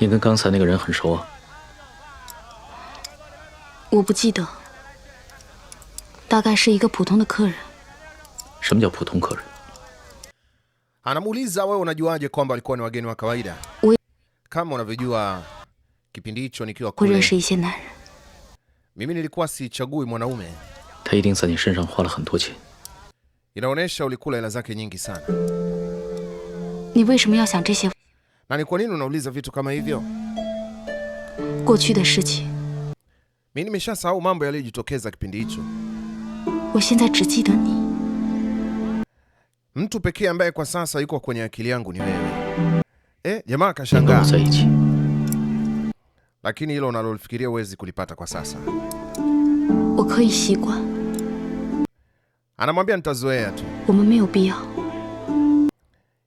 你跟刚才那个人很熟啊？我不记得，大概是一个普通的客人。什么叫普通客人？我……会认识一些男人。他一定在你身上花了很多钱。你为什么要想这些？na ni kwa nini unauliza vitu kama hivyo? Mimi nimeshasahau mambo yaliyojitokeza kipindi hicho. Mtu pekee ambaye kwa sasa yuko kwenye akili yangu ni wewe. Eh, jamaa akashangaa. Lakini hilo unalolifikiria huwezi kulipata kwa sasa. Anamwambia nitazoea tu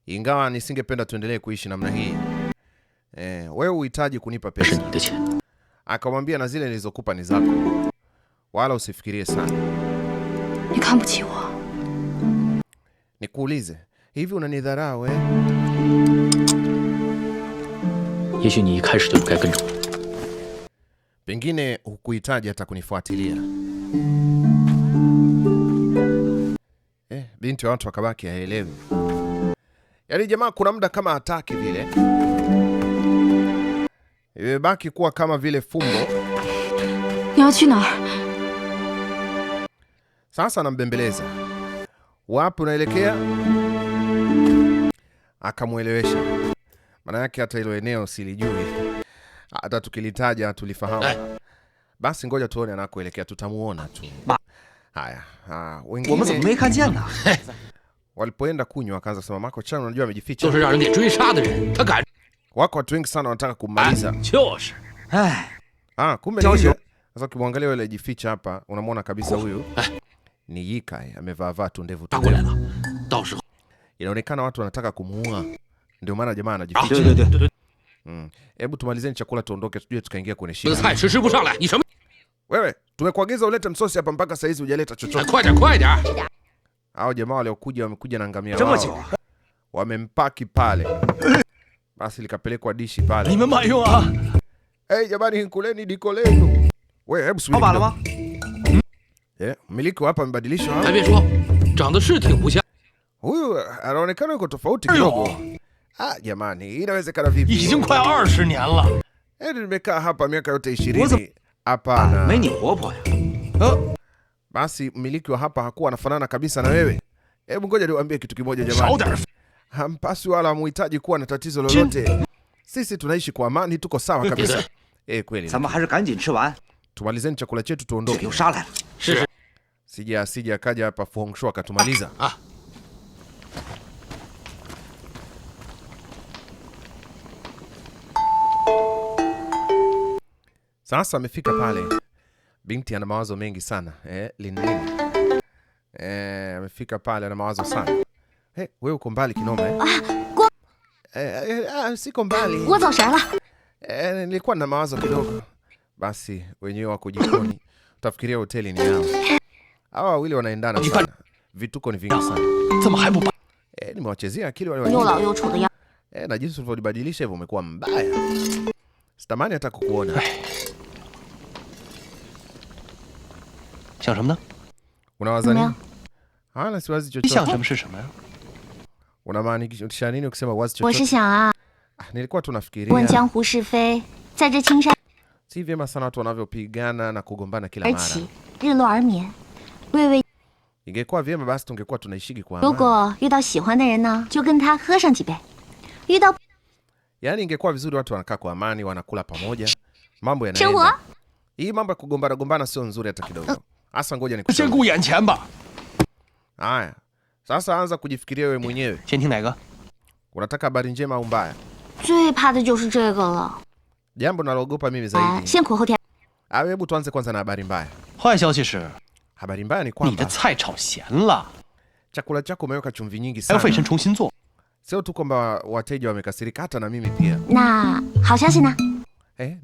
ingawa nisingependa tuendelee kuishi namna hii. Eh, wewe uhitaji kunipa pesa. Akamwambia na zile nilizokupa ni zako, wala usifikirie sana. Nikuulize, hivi unanidharau eh? Pengine hukuhitaji hata kunifuatilia. Eh, binti wa watu akabaki haelewi. Yaani jamaa kuna muda kama hataki vile, imebaki kuwa kama vile fumbo. Sasa anambembeleza wapi unaelekea, akamwelewesha maana yake. Hata hilo eneo silijui, hata tukilitaja tulifahamu. Eh. Basi ngoja tuone anakoelekea, tutamuona tu. Haya, wengine walipoenda kunywa, akaanza kusema Mako Chan, unajua amejificha. Wako watu wengi sana wanataka kumaliza. Ah, ah. ah kumbe ndio. Sasa ukimwangalia yule alijificha hapa, unamwona kabisa huyu ah. ni Ye Kai, amevaa vaa tu ndevu tu. Inaonekana watu wanataka kumuua, ndio maana jamaa anajificha. Mm. Hebu Mm. tumalizeni chakula tuondoke, tujue tukaingia kwenye shida. Wewe, tumekuagiza ulete msosi hapa mpaka saizi hujaleta chochote. Hao jamaa waliokuja wamekuja na ngamia wao. Wamempaki pale. Basi likapelekwa dishi pale. Hey, jamani kuleni diko lenu. We, hebu subiri. Hmm? Eh, miliki hapa amebadilishwa hapa. Huyu anaonekana yuko tofauti kidogo. Ah, jamani, hii inawezekana vipi? Eh, nimekaa hapa miaka yote 20. Hapana. Mimi ni popo. Oh. Basi mmiliki wa hapa hakuwa anafanana kabisa na wewe. Hebu ngoja niwaambie kitu kimoja jamani, hampasi wala hamhitaji kuwa na tatizo lolote. Sisi tunaishi kwa amani, tuko sawa kabisa. Eh, kweli tumalizeni chakula chetu tuondoke. Sija sija akaja hapa Fu Hongxue akatumaliza. Ah, ah. Sasa amefika pale Binti ana mawazo mengi sana eh, lin. eh, amefika pale ana mawazo sana eh. Wewe uko mbali kinoma eh? Ah, eh, eh, ah, siko mbali eh, nilikuwa na mawazo kidogo. Basi wenyewe wako jikoni, utafikiria hoteli ni yao. Hawa wawili wanaendana sana, vituko ni vingi sana eh, nimewachezea akili wale wale eh, na jinsi ulivyobadilisha hivyo umekuwa mbaya, sitamani hata kukuona 想什么呢？Unaweza nini? Hala, siwazi 你想 chochote. 什么是什么呀？Unamaanisha nini ukisema wazi 我是 chochote? 想啊，Ah, nilikuwa tu 问 nafikiria 江湖是非，在这青山 si vyema sana watu wanavyopigana na kugombana 而 kila 起 mara.，日落而眠，微微。Ingekuwa vyema basi tungekuwa tunaishiki kwa 如 amani. 果遇到喜欢的人呢，就跟他喝上几杯；遇到 Yaani ingekuwa vizuri watu wanakaa kwa amani, wanakula pamoja, mambo 生活 yanaenda. Hii mambo ya kugombana gombana sio nzuri hata kidogo. Asa, ngoja nikushauri. Haya. Sasa anza kujifikiria wewe mwenyewe. Unataka habari njema au mbaya? Jambo nalogopa mimi zaidi. Ah, hebu tuanze kwanza na habari mbaya. Habari mbaya ni kwamba chakula chako umeweka chumvi nyingi sana. Sio tu kwamba wateja wamekasirika, hata na mimi pia. Na eh,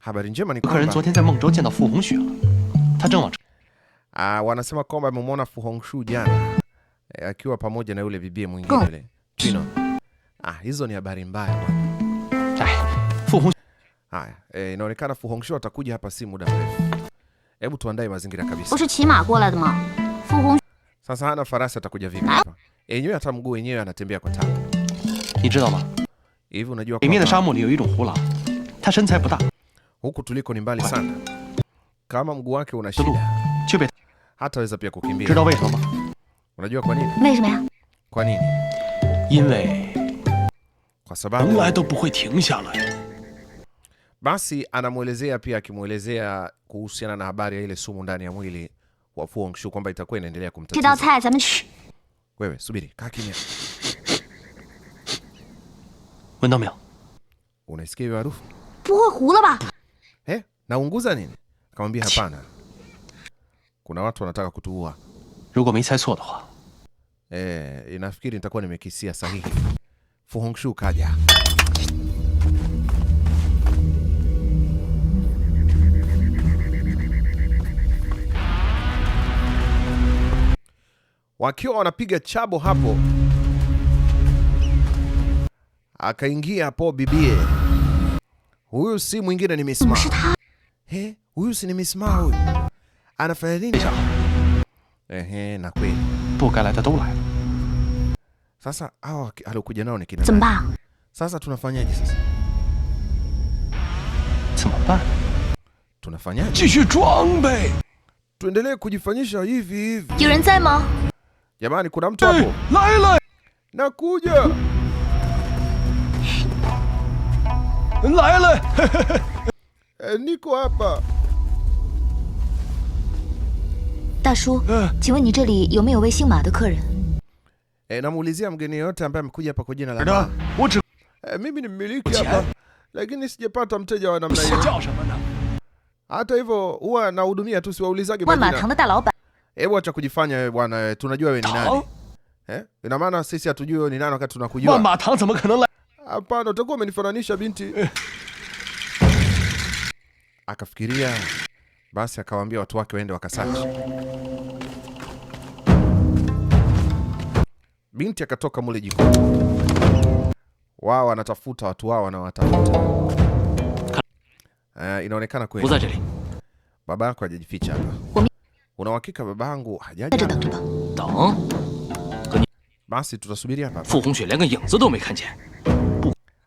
habari njema ni kwamba Ah, wanasema kwamba amemwona Fu Hongxue jana eh, akiwa pamoja na yule bibie mwingine yule. Ah, hizo ni habari mbaya bwana. Haya, e, inaonekana Fu Hongxue atakuja hapa si muda mrefu. Hebu tuandae mazingira kabisa. Sasa hana farasi atakuja vipi hapa? Yenyewe hata mguu wenyewe anatembea kwa taabu. Hivi unajua kwa. Huku tuliko ni mbali sana. Kama mguu wake una shida, hataweza pia kukimbia. Unajua kwa nini? Kwa nini? Kwa sababu basi anamwelezea pia akimwelezea kuhusiana na habari ya ile sumu ndani ya mwili wa Fu Hongxue kwamba itakuwa inaendelea kumtatiza. Wewe subiri, kaa kimya. Unaisikia hiyo harufu? Eh, naunguza nini? Kamwambia hapana, kuna watu wanataka kutuua. E, inafikiri nitakuwa nimekisia sahihi. Fu Hongxue kaja wakiwa wanapiga chabo hapo, akaingia hapo bibie. Huyu si mwingine ni He, huyu si ni nimesimama huyu. Anafanya nini hapa? Ehe, na kweli. Poka la Sasa hao aliokuja nao ni kina. Sasa tunafanyaje sasa? Tunafanyaje? Tuendelee kujifanyisha hivi hivi. Jamani, kuna mtu hapo. Eh, Nakuja. E, niko hapa. 大叔，请问你这里有没有位姓马的客人？E, namuulizia mgeni yoyote ambaye amekuja hapa kwa la E, mimi ni mmiliki hapa lakini sijapata mteja wa namna hiyo. Hata hivyo huwa nahudumia tu, siwaulizage majina. Hebu acha kujifanya wewe bwana wewe, tunajua wewe ni nani. Eh? Ina maana sisi hatujui wewe ni nani wakati tunakujua. Hapana, utakuwa umenifananisha binti. Eh akafikiria, basi akawaambia watu wake waende wakasachi. Binti akatoka mule jikoni, wao wanatafuta watu wao wanawatafuta. Uh, inaonekana kweli baba yako hajajificha hapa. Una uhakika baba yangu hajaja? Basi tutasubiri hapa.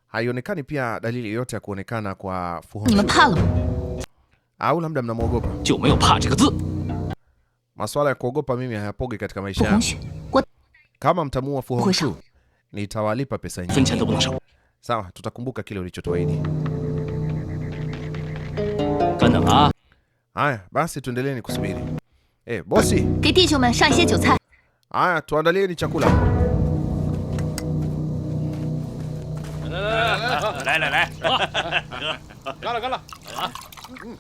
Haionekani pia dalili yoyote ya kuonekana kwa Fu Hongxue au labda mnamwogopa. Maswala ya kuogopa mimi hayapogi katika maisha yangu. Kama mtamuua Fu Hongxue, nitawalipa pesa nyingi. Sawa, tutakumbuka kile ulichotuahidi. Ah. Haya, basi tuendeleeni kusubiri. Eh, bosi. Haya, tuandalieni chakula. Mm.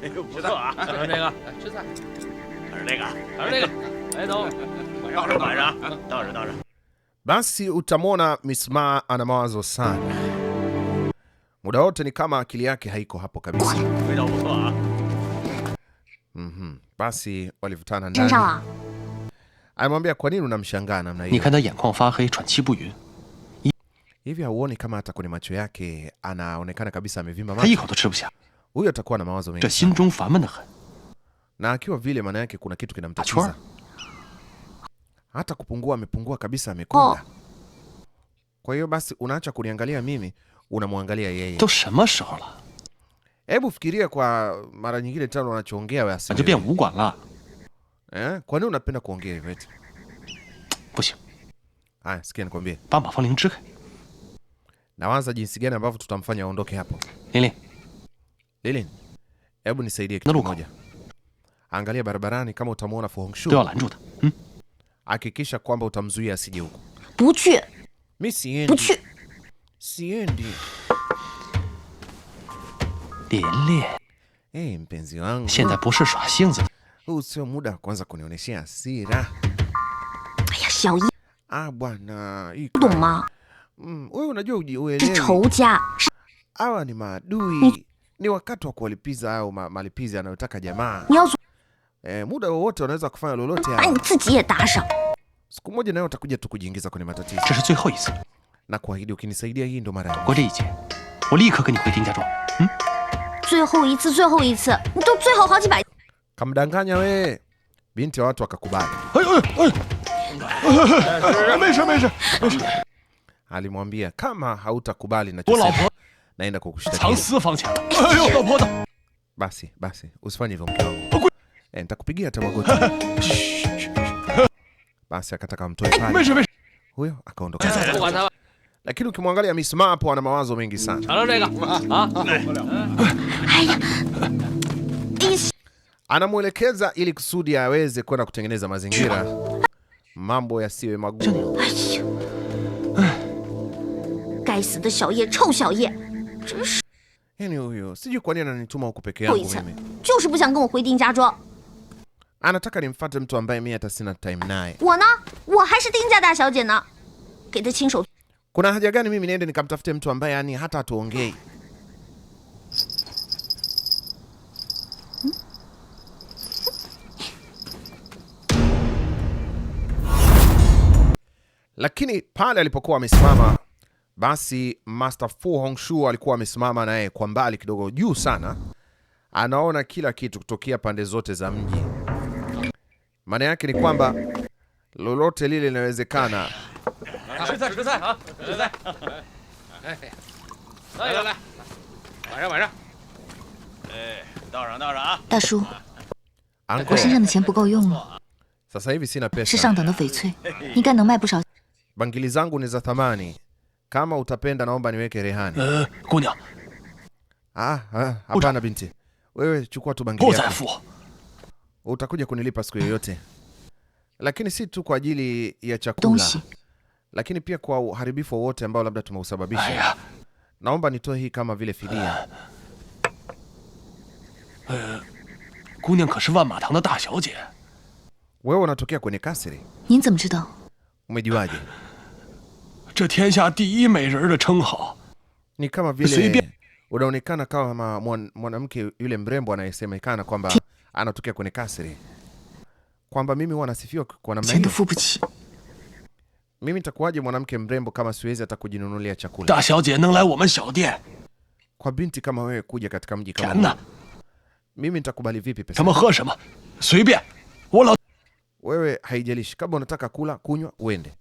这个不错啊，就这个，吃菜，还是那个，还是那个，来都，到这晚上，到这到这。Basi utamwona misma ana mawazo sana muda wote, ni kama akili yake haiko hapo kabisa. Mm-hmm. Basi walivutana ndani. amemwambia kwa nini unamshangaa namna Hivi hauoni kama hata kwenye macho yake anaonekana kabisa amevimba macho? huyo atakuwa na mawazo mengi na akiwa vile, maana yake kuna kitu kinamtatiza. Hata kupungua amepungua kabisa, amekonda. Oh. Kwa hiyo basi, unaacha kuniangalia mimi, unamwangalia yeye. Hebu fikiria kwa mara nyingine tano unachoongea wewe asiwe. Eh, kwa nini unapenda kuongea hivyo eti? Haya, sikia nikwambie. Nawaza jinsi gani ambavyo tutamfanya aondoke hapo. Nini? Lilin, hebu nisaidie kitu kimoja. Angalia barabarani kama utamwona Fu Hongxue. Hmm? Hakikisha kwamba utamzuia asije huko. Mimi siendi. Siendi. Hey, eh, mpenzi wangu. Huu sio muda wa kuanza kunionyeshea hasira. Ah, bwana. Mm, wewe unajua ujielewi. Hawa ni maadui ni wakati wa kuwalipiza au malipizi anayotaka jamaa. E, muda wowote wanaweza kufanya lolote. Siku moja nayo utakuja tu kujiingiza kwenye matatizo. Na kuahidi ukinisaidia, hii ndo mara ya mwisho. Hmm? Kamdanganya we. Binti wa watu wakakubali. Alimwambia kama hautakubali na naenda kukushtakia. Basi basi, usifanye hivyo mke wangu, eh, nitakupigia hata Basi akataka mtoe pale, huyo akaondoka. Lakini ukimwangalia amesimama hapo, ana mawazo mengi sana. Ah, ah, ah. Anamwelekeza ili kusudi aweze kwenda kutengeneza mazingira, mambo yasiwe magumu. 真是……哎呦呦，sijui kwa nini ananituma huku peke yangu mimi. Jiazhuo. Anataka nimfuate mtu ambaye mimi hata sina time naye. Wo na, wo Ding Jia da xiaojie de qingshou. Kuna haja gani mimi niende nikamtafute mtu ambaye yani hata hatuongei? Lakini pale alipokuwa amesimama basi Master Fu Hongxue alikuwa amesimama naye kwa mbali kidogo, juu sana, anaona kila kitu kutokea pande zote za mji. Maana yake ni kwamba lolote lile linawezekana. Sasa hivi sina pesa. Bangili zangu ni za thamani kama utapenda naomba niweke rehani. Uh, Ah, ah, hapana binti. Wewe chukua tu bangili yako. Utakuja kunilipa siku yoyote. Lakini si tu kwa ajili ya chakula. Lakini pia kwa uharibifu wowote ambao labda tumeusababisha. Naomba nitoe hii kama vile fidia. Uh, kunya wewe unatokea kwenye kasri. Umejuaje? 这天下第一美人的称号，ni kama vile unaonekana kama mwanamke yule mrembo anayesemekana kwamba anatokea kwenye kasri, kwamba mimi huwa kwa namna hiyo. Mimi nitakuwaje mwanamke mrembo kama siwezi hata kujinunulia chakula? Da xiaojie neng lai women xiaodian, kwa binti kama wewe kuja katika mji kama huu, mimi nitakubali vipi pesa? Kama he shema suibian wo lao, wewe haijalishi, kama unataka kula kunywa uende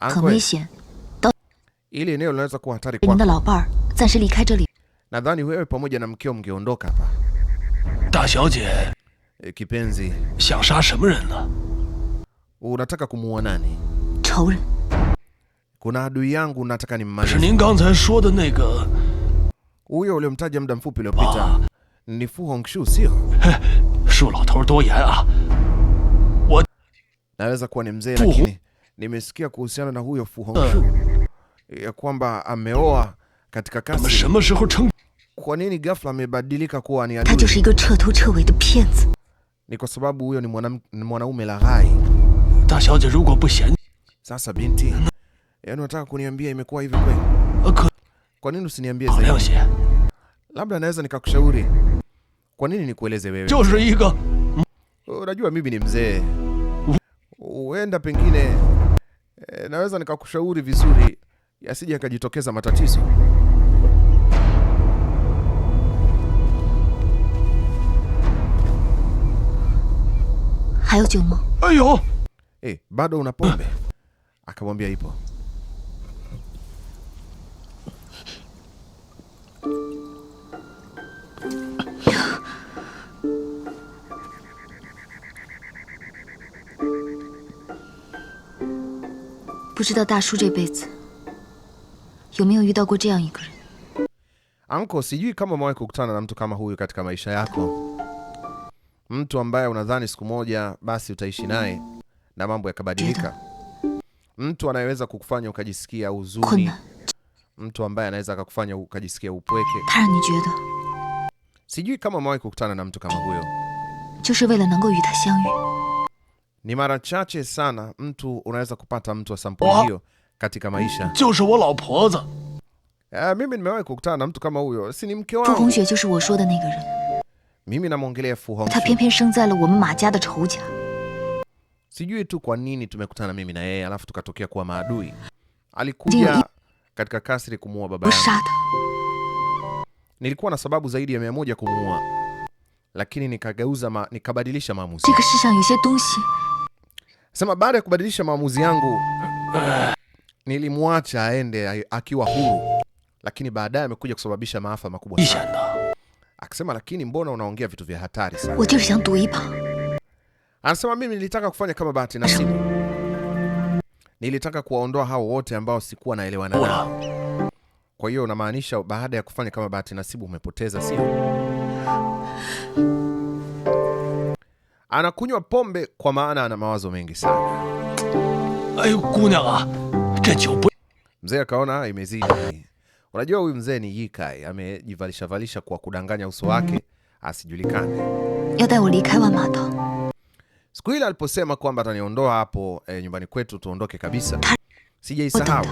Anko ili eneo linaweza kuwa hatari kwako. Nadhani wewe pamoja na mkeo mngeondoka hapa. xiaojie, e, eh, Kipenzi, ren unataka kumuua nani? Chou ren. Kuna adui yangu nataka nimmalize. Huyo uliomtaja muda mfupi uliopita ni Fu Hongxue, sio? Shu lao tou duo yan a. Wo. Naweza kuwa ni mzee, lakini nimesikia kuhusiana na huyo Fu Hongxue. Eh ya kwamba ameoa katika kasi. Kwa nini ghafla amebadilika kuwa ni adui? Ni kwa sababu huyo ni mwanaume laghai. Sasa binti, yani unataka kuniambia imekuwa hivi kweli? Kwa nini usiniambie zaidi? Labda naweza nikakushauri. Kwa nini nikueleze wewe? Unajua mimi ni mzee, huenda pengine eh, naweza nikakushauri vizuri yasije akajitokeza matatizo. Ayo. Hey, eh, bado una pombe? Akamwambia ipo. 有没有遇到过这样一个人 Anko, sijui kama umewahi kukutana na mtu kama huyu katika maisha yako, mtu ambaye unadhani siku moja basi utaishi naye na mambo yakabadilika, mtu anayeweza kukufanya ukajisikia huzuni, mtu ambaye anaweza akakufanya ukajisikia upweke. Sijui kama umewahi kukutana na mtu kama huyo. Ni mara chache sana mtu unaweza kupata mtu wa sampuli hiyo katika maisha. Uh, mimi nimewahi kukutana na mtu kama huyo, si ni mke wangu. jiu shi wo shuo de na ren. Mimi namwongelea Fu Hongxue. Sijui tu kwa nini tumekutana mimi na yeye alafu tukatokea kuwa maadui. Alikuja katika kasri kumuua baba yangu. Nilikuwa na sababu zaidi ya mia moja kumuua, lakini nikageuza ma, nikabadilisha maamuzi. Sema baada ya kubadilisha maamuzi yangu nilimwacha aende akiwa huru, lakini baadaye amekuja kusababisha maafa makubwa sana. Akisema, lakini mbona unaongea vitu vya hatari sana? Anasema, mimi nilitaka kufanya kama bahati nasibu, nilitaka kuwaondoa hao wote ambao sikuwa naelewana nao. Kwa hiyo unamaanisha baada ya kufanya kama bahati nasibu umepoteza, sio? Anakunywa pombe kwa maana ana mawazo mengi sana. Mzee akaona ah, imezidi. Unajua huyu mzee ni Yikai, amejivalisha valisha kwa kudanganya uso wake asijulikane. Siku ile aliposema kwamba ataniondoa hapo e, nyumbani kwetu tuondoke kabisa, sijaisahau.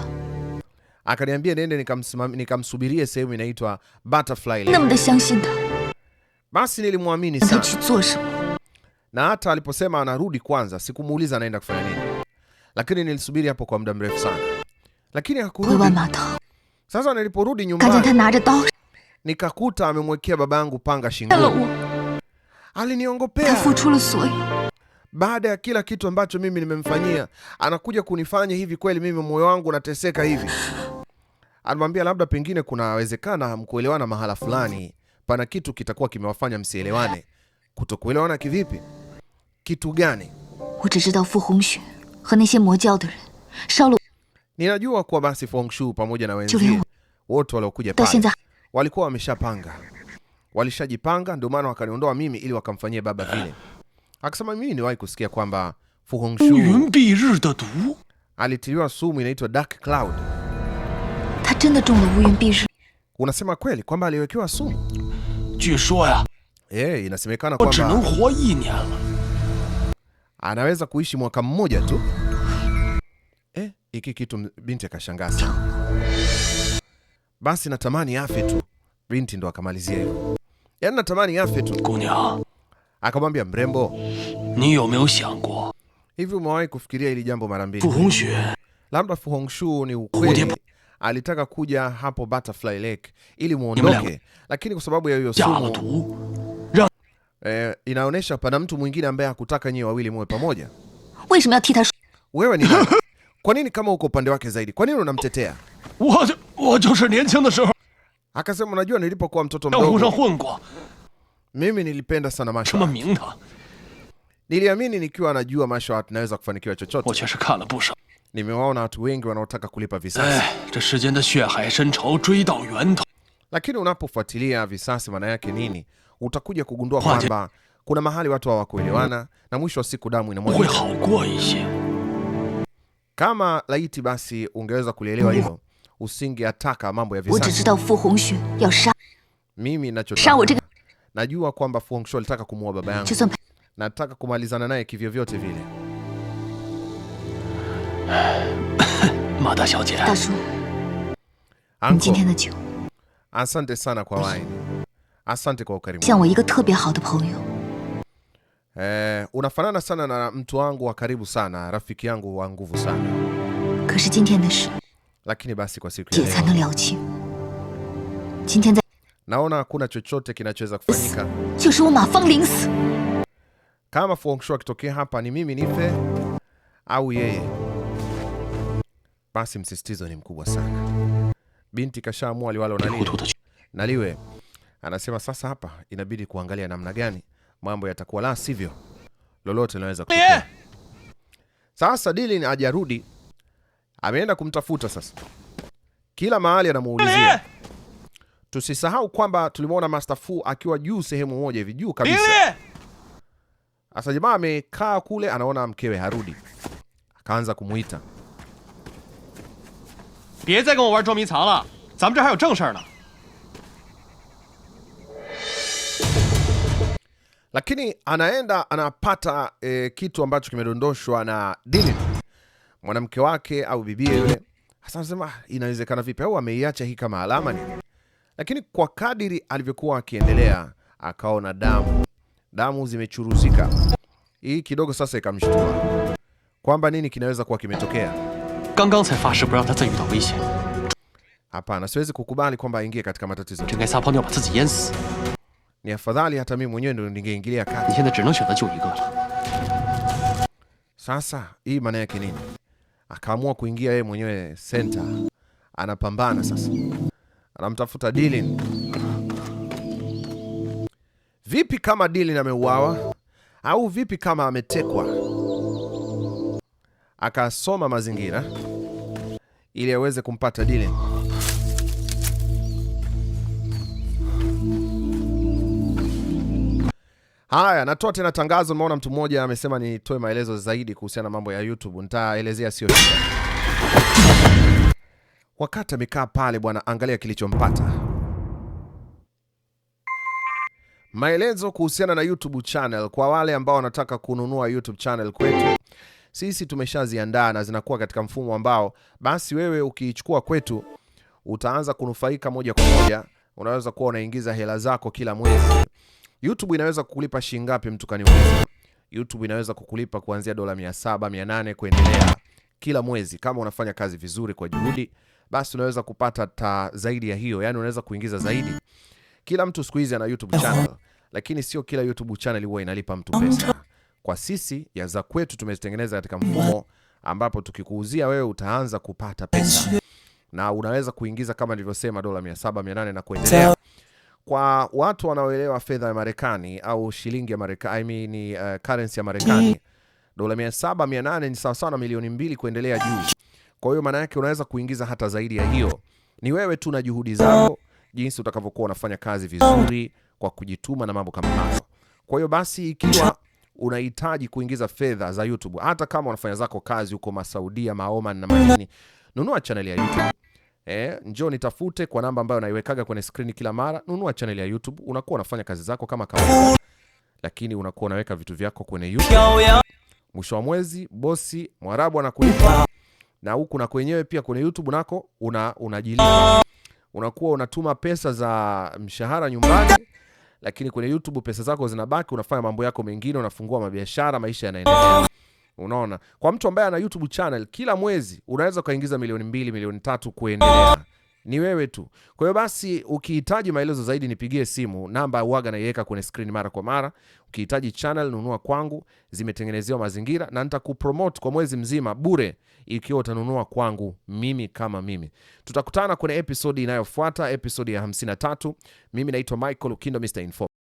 Akaniambia niende nikamsubirie nika sehemu inaitwa Butterfly Lane. Basi nilimwamini sana, na hata aliposema anarudi kwanza, sikumuuliza anaenda kufanya nini lakini nilisubiri hapo kwa muda mrefu sana, lakini hakurudi. Sasa niliporudi nyumbani nikakuta amemwekea baba yangu panga shingoni. Aliniongopea baada ya kila kitu ambacho mimi nimemfanyia, anakuja kunifanya hivi. Kweli mimi moyo wangu unateseka hivi. Anamwambia labda pengine kunawezekana mkuelewana mahala fulani, pana kitu kitakuwa kimewafanya msielewane. Kutokuelewana kivipi? Kitu gani? 和那些魔教的人烧了。Ninajua kuwa basi Fong Shu pamoja na wenzie wote waliokuja pale walikuwa wameshapanga, walishajipanga, ndio maana wakaniondoa mimi ili wakamfanyia baba vile. Akasema mimi niwahi kusikia kwamba Fu Hongxue alitiliwa sumu inaitwa Dark Cloud. Unasema kweli kwamba aliwekewa sumu? Eh, inasemekana kwamba anaweza kuishi mwaka mmoja tu. Hiki kitu binti akashangaa sana. Basi natamani afe tu. Binti ndo akamalizia hivyo. Yaani natamani afe tu. Akamwambia mrembo, hivi umewahi kufikiria hili jambo mara mbili? Labda Fu Hongxue ni ukweli alitaka kuja hapo Butterfly Lake ili muondoke, lakini kwa sababu ya hiyo sumu eh, inaonyesha pana mtu mwingine ambaye hakutaka nyie wawili muwe pamoja. Wewe ni nani? Kwa nini kama uko upande wake zaidi, kwa nini unamtetea? Akasema, unajua nilipokuwa mtoto mdogo mimi nilipenda sana martial Niliamini nikiwa najua martial arts naweza kufanikiwa chochote. Nimewaona watu wengi wanaotaka kulipa visasi. Eh, Lakini unapofuatilia visasi maana yake nini? Utakuja kugundua kwamba kuna mahali watu hawakuelewana na mwisho wa siku damu inamwagika. Kama laiti basi ungeweza kulielewa hilo, usingeataka mambo ya visa. Mimi ninachotaka najua kwamba Fu Hongxue alitaka kumuua baba yangu, nataka kumalizana naye kivyo vyote vile. asante sana kwa waini, asante kwa ukarimu. Eh, unafanana sana na mtu wangu wa karibu sana, rafiki yangu wa nguvu sana. Lakini basi kwa siku ya leo. Naona hakuna chochote kinachoweza kufanyika. Kama Fu Hongxue akitokea hapa ni mimi nife au yeye. Basi msisitizo ni mkubwa sana. Binti kashaamua liwalo na liwe. Anasema sasa hapa inabidi kuangalia namna gani mambo yatakuwa, la sivyo lolote linaweza kutokea. Yeah. Sasa Dilin hajarudi, ameenda kumtafuta sasa, kila mahali anamuulizia. Yeah. Tusisahau kwamba tulimwona Master Fu akiwa juu sehemu moja hivi juu kabisa. Yeah. Asa jamaa amekaa kule, anaona mkewe harudi, akaanza kumuita. Bie zai gen wo lakini anaenda anapata e, kitu ambacho kimedondoshwa na Dini, mwanamke wake au bibie yule. Hasa anasema ah, inawezekana vipi, au ameiacha hii kama alama nini? Lakini kwa kadiri alivyokuwa akiendelea, akaona damu damu zimechuruzika. Hii kidogo sasa ikamshtua kwamba nini kinaweza kuwa kimetokea. Hapana, siwezi kukubali kwamba aingie katika matatizo ni afadhali hata mimi mwenyewe ndo ningeingilia kati. Sasa hii maana yake nini? Akaamua kuingia yeye mwenyewe center, anapambana sasa, anamtafuta Dilin. Vipi kama Dilin ameuawa au vipi kama ametekwa? Akasoma mazingira ili aweze kumpata Dilin. Haya, natoa tena tangazo. Nimeona mtu mmoja amesema nitoe maelezo zaidi kuhusiana na mambo ya YouTube, nitaelezea sio shida. Wakati amekaa pale bwana, angalia kilichompata. Maelezo kuhusiana na YouTube channel kwa wale ambao wanataka kununua YouTube channel kwetu sisi tumeshaziandaa na zinakuwa katika mfumo ambao basi wewe ukiichukua kwetu utaanza kunufaika moja kwa moja. Unaweza kuwa unaingiza hela zako kila mwezi YouTube inaweza kukulipa shilingi ngapi mtu mwezi? YouTube inaweza kukulipa kuanzia dola 700, 800 kuendelea kila mwezi kama unafanya kazi vizuri kwa juhudi, basi unaweza kupata ta zaidi ya hiyo, Yaani unaweza kuingiza zaidi. Kila mtu siku hizi ana YouTube channel, lakini sio kila YouTube channel huwa inalipa mtu pesa. Kwa sisi ya za kwetu tumezitengeneza katika mfumo ambapo tukikuuzia wewe utaanza kupata pesa na unaweza kuingiza kama nilivyosema dola 700, 800 na kuendelea kwa watu wanaoelewa fedha ya Marekani au shilingi ya Marekani, I mean, uh, currency ya Marekani, dola 700 800 ni sawasawa na milioni mbili kuendelea juu. Kwa hiyo maana yake unaweza kuingiza hata zaidi ya hiyo. Ni wewe tu na juhudi zako, jinsi utakavyokuwa unafanya kazi vizuri kwa kujituma na mambo kama hayo. Kwa hiyo basi, ikiwa unahitaji kuingiza fedha za YouTube, hata kama unafanya zako kazi huko Masaudia, Maoman na manini, nunua chaneli ya YouTube eh, njoo nitafute kwa namba ambayo naiwekaga kwenye skrini kila mara. Nunua channel ya YouTube, unakuwa unafanya kazi zako kama kawaida, lakini unakuwa unaweka vitu vyako kwenye YouTube. Mwisho wa mwezi bosi Mwarabu anakulipa na huku na kwenyewe pia kwenye YouTube nako una, unajilipa unakuwa unatuma pesa za mshahara nyumbani, lakini kwenye YouTube pesa zako zinabaki, unafanya mambo yako mengine, unafungua mabiashara, maisha yanaendelea. Unaona, kwa mtu ambaye ana YouTube channel kila mwezi unaweza ukaingiza milioni mbili, milioni tatu kuendelea ni wewe tu. Kwa hiyo basi, ukihitaji maelezo zaidi nipigie simu, namba uaga naiweka kwenye screen mara kwa mara. Ukihitaji channel nunua kwangu, zimetengenezewa mazingira na nitakupromote kwa mwezi mzima bure, ikiwa utanunua kwangu mimi kama mimi. Tutakutana kwenye episode inayofuata, episode ya 53. Mimi naitwa Michael Lukindo, Mr Info.